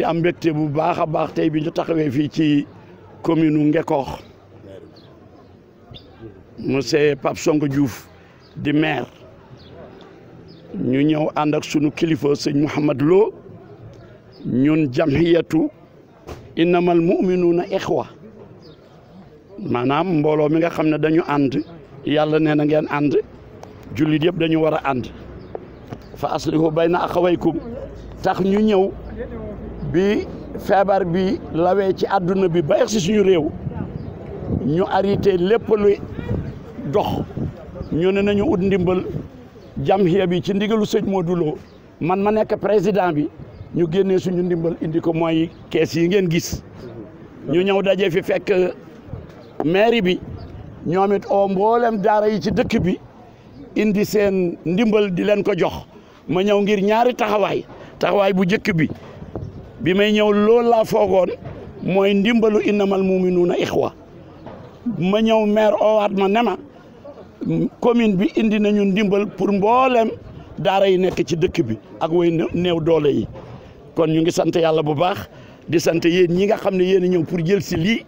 di am mbégte bu baax a baax tey bi ñu taxawee fii ci commune Ngekoox monsieur Pape Songo Diouf di maire ñu ñëw ànd ak sunu kilifa sëñ Mouhamad Lo ñun jamhiyatu innamal muminuuna ixwa manam mbooloo mi nga xam ne dañu ànd yàlla na ngeen ànd jullit yëpp dañu war a fa aslihu bayna axawaykum tax ñu bi feebar bi lawee ci àdduna bi ba egsi suñu réew ñu arrêté lépp luy dox ñu ne nañu ut ndimbal jamhiya bi ci ndigalu sëñ Modou Lo man ma nekk président bi ñu génnee suñu ndimbal indi ko mooy kees yi ngeen gis ñu ñëw daje fi fekk mairie bi ñoom it oo mboolem daara yi ci dëkk bi indi seen ndimbal di leen ko jox ma ñëw ngir ñaari taxawaay taxawaay bu jëkk bi bi may ñëw loolu laa foogoon mooy ndimbalu innamal muminuuna ixwa ma ñëw maire oowaat ma ne ma commune bi indi nañu ndimbal pour mboolem daara yi nekk ci dëkk bi ak woy néew doole yi kon ñu ngi sant yàlla bu baax di sant yéen ñi nga xam ne yéen a ñëw pour jël si lii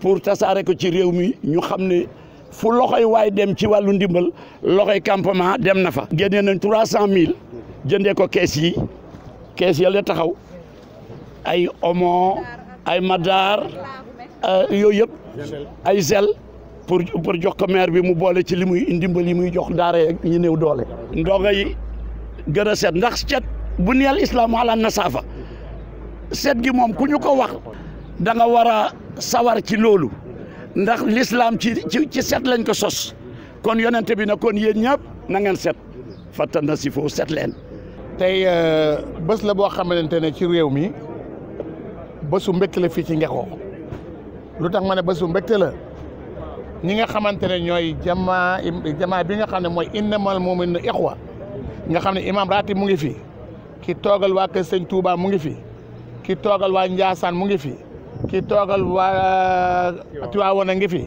pour tasaare ko ci réew mi ñu xam ne fu loxoy waay dem ci wàllu ndimbal loxoy campement dem na fa. génnee nañ trois cent mille jëndee ko kees yi kees yàlla taxaw. ay omo ay madar yooyu yëpp ay zel pour pour jox ko maire bi mu boole ci li muy ndimbal yi jox daara ñu néew doole yi set ndax cet bu neel islam ala nasafa, set gi mom ku ko wax da nga sawar ci loolu ndax l'islam ci ci set lañ ko sos kon yonente bi na kon yéen ñëpp na ngeen set fatta na si set leen tey euh, bés la bo xamante ne ci réew mi bésu mbégte la fii ci Ngeko lu tax ma ne bésu mbégte la ñi nga xamante ne ñooy jamaa jamaa bi nga xam ne mooy innamal mu'minuna ikhwa nga xam ne imam ratib mu ngi fi ki toogal waa Kër Sëñ Touba mu ngi fi ki toogal waa Njaasaan mu ngi fi ki toogal waa Tiwaawan a ngi fi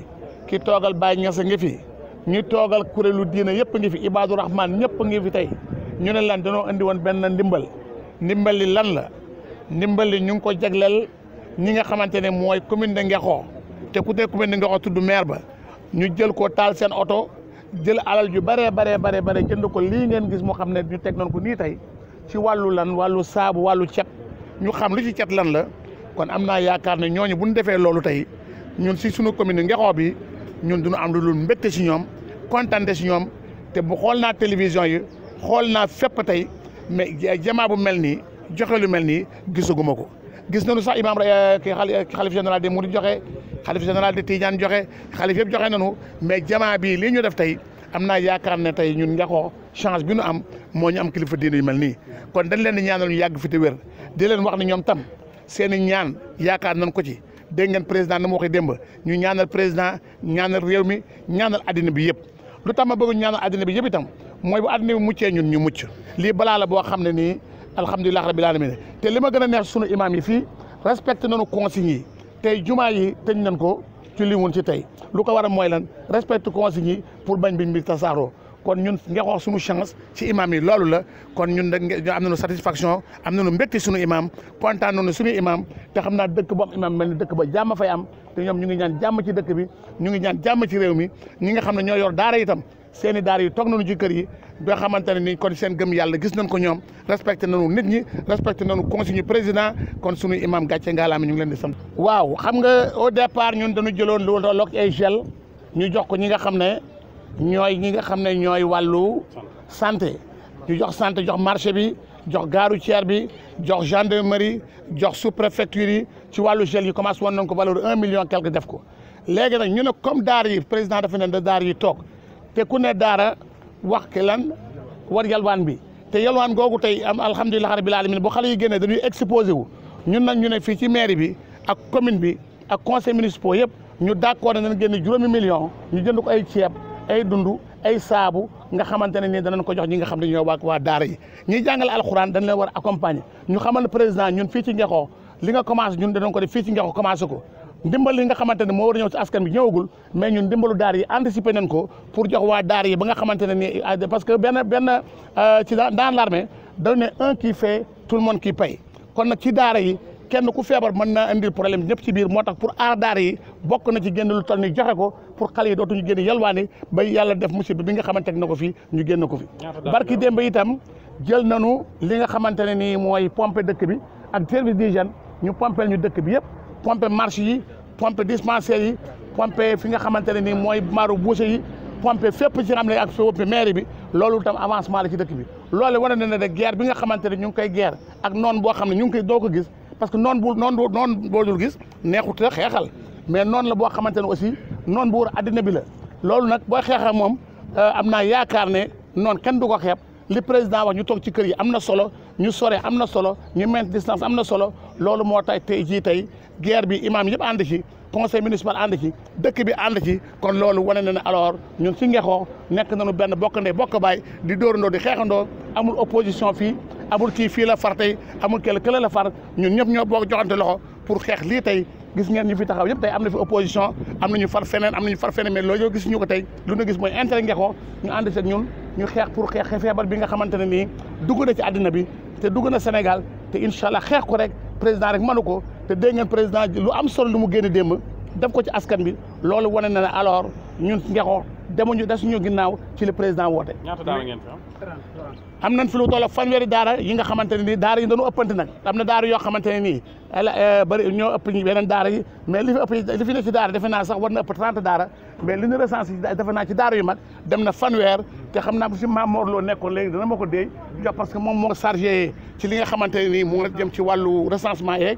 ki toogal baa Ñas a ngi fi ñu toogal kuréelu diina yëpp ngi fi Ibaadu Rahman ñëpp ngi fi tey ñu ne lan danoo andi woon benn ndimbal ndimbal li lan la ndimbal li ñu ngi ko jagleel ñi nga xamante ne mooy commune de Ngexoo te ku ne commune de Ngexoo tudd maire ba ñu jël ko taal seen oto jël alal ju bare bare baree bare jënd ko lii ngeen gis moo xam ne ñu teg noon ko nii tey ci wàllu lan wàllu saabu wàllu cet ñu xam lu ci cet lan la kon am naa yaakaar ne ñooñu bu ñu defee loolu tey ñun si sunu commune Ngexoo bi ñun duñu am lu dul mbégte si ñoom kontante si ñoom te bu xool naa télévision yi xool naa fépp tey mais jamaa bu mel nii joxe lu mel nii gisaguma ko gis nañu sax imaam eh, ki xalif général de di joxe xalif général de Tidiane joxe xalif yëpp joxe nañu mais jamaa bii li ñu def tey am naa yaakaar ne tey ñun Ndiakokh change bi nu am moo ñu am kilifa diine yu mel nii kon dañ leen di ñaanal ñu yàgg fi te wér di leen wax ne ñoom tam seen ñaan yaakaar nañ ko ci dégg ngeen président na ma waxee démb ñu ñaanal président ñaanal réew mi ñaanal addina bi yëpp lu tax ma bëgg ñaanal addina bi yëpp itam mooy bu addina bi muccee ñu mucc boo xam ne nii alhamdulilah rabil alamin te li ma gën a neex sunu imam yi fii respecté nañu consignes yi tey jumaa yi tëj nañ ko ci li woon ci tey lu ko war a mooy lan respecté consignes yi pour bañ biñ bi tasaaroo kon ñun nga wax sunu chance ci imam yi loolu la kon ñun da ñu na nañu satisfaction am nañu mbégte sunu imam kontaan nañu sunu imam te xam naa dëkk bu am imam mel ni dëkk ba jàmm fay am te ñoom ñu ngi ñaan jàmm ci dëkk bi ñu ngi ñaan jàmm ci mi ñi nga xam seen i yi toog nañu ci kër yi ba xamante ne ni kon seen gëm yàlla gis nañ ko ñoom respecté nañu nit ñi respecté nañu consigne président kon suñu imam gàcce ngaalaam ñu ngi leen di sant. waaw xam nga au départ ñun dañu jëloon lu tolloog ay gel ñu jox ko ñi nga xam ne ñooy ñi nga xam ne ñooy wàllu santé ñu jox santé jox marché bi jox gare routière bi jox gendarmerie jox sous préfecture yi ci wàllu gel yi commence woon nañ ko valeur un million quelque def ko léegi nag ñu ne comme daar yi président dafa ne da daar yi toog. te ku ne daara wax ki lan war yalwaan bi te yalwaan googu tey am alhamdulilah rabil alamin bu xale yi génnee dañuy exposé wu ñun nag ñu ne fii ci mairie bi ak commune bi ak conseil municipal yëpp ñu d'accord ne nañ génne juróomi million ñu jënd ko ay ceeb ay dund ay saabu nga xamante ne nii danañ ko jox ñi nga xam ne ñoo waa waa daara yi ñiy jàngale alxuraan dañ leen war accompagner ñu xamal président ñun fii ci Ngexoo li nga commencé ñun danañ ko def fii ci Ngexoo commencé ko ndimbal li nga xamante ne moo war a ñëw ci askan bi ñëwagul mais ñun ndimbalu daar yi anticiper nañ ko pour jox waa daar yi ba nga xamante ne ni euh, parce que benn benn euh, ci dans l'armée dañ ne un qui fait tout le monde kon nag ci daara yi kenn ku feebar mën naa indil problème ñëpp ci biir moo tax pour aar daara yi bokk na ci génn lu toll ni joxe ko pour xale yi dootuñu génn yalwaani ba yàlla def musiba bi nga xamante ne ko fi ñu génne ko fi barki démb itam jël na nañu li nga xamante ne nii mooy pompe dëkk bi ak service d'hygiène ñu pompel ñu dëkk bi yëpp pomper marché yi pomper dispensaire yi pomper fi nga xamante ne nii mooy maaru boucher yi pomper fépp ci xam ne ak fépp mairie bi loolu tam avancement la ci dëkk bi loolu war na ne de guerre bi nga xamante ne ñu ngi koy geer ak noonu boo xam ne ñu ngi koy doo ko gis parce que noonu bu noon noonu boo gis neexut la xeexal mais noonu la boo xamante ne aussi noon bu wër addina bi la loolu nag booy xeexal moom euh, am naa yaakaar ne noonu kenn du ko xeeb li président wax ñu toog ci kër yi am na solo ñu sore am na solo ñu mainte distance am na solo loolu moo tax tey jii tey guerre bi imam yëpp ànd ci conseil municipal ànd ci dëkk bi ànd ci kon loolu wane na ne alors ñun si ngexoo nekk nañu benn bokk ndey bokk baay di dóorandoo di xeexandoo amul opposition fii amul kii fii la far tey amul kële kële la far ñun ñëpp ñoo bokk joxante loxo pour xeex lii tey gis ngeen ñu fi taxaw yëpp tey am na fi opposition am nañu far feneen am nañu far feneen mais loolu yoo gis ñu ko tey lu ñu gis mooy intérêt ngexoo ñu ànd ci ak ñun ñu xeex pour xeex feebar bi nga xamante ne nii dugg na ci àddina bi te dugg na Sénégal te incha allah xeex ko rek président rek mënu ko te dégg ngeen président lu am solo lu mu génn démb def ko ci askan bi loolu wane na ne alors ñun ngexoo demuñu desuñu ginnaaw ci le président woote. ñaata daara ngeen fi am. am nañ fi lu toll yi nga xamante ne nii daara yi dañu ëppante nag na daara yoo xamante ne nii euh, bëri ñoo ëpp ñu beneen daara yi mais li fi ëpp li fi ne defe naa sax war na ëpp trente daara mais li ñu recensé defe naa ci yu mag dem na fanweer te xam naa bu si Maam Mor loo nekkoon léegi dana ma ko dee parce que moom moo chargé ci li nga xamante ne nii moo jëm ci wàllu recensement yeeg.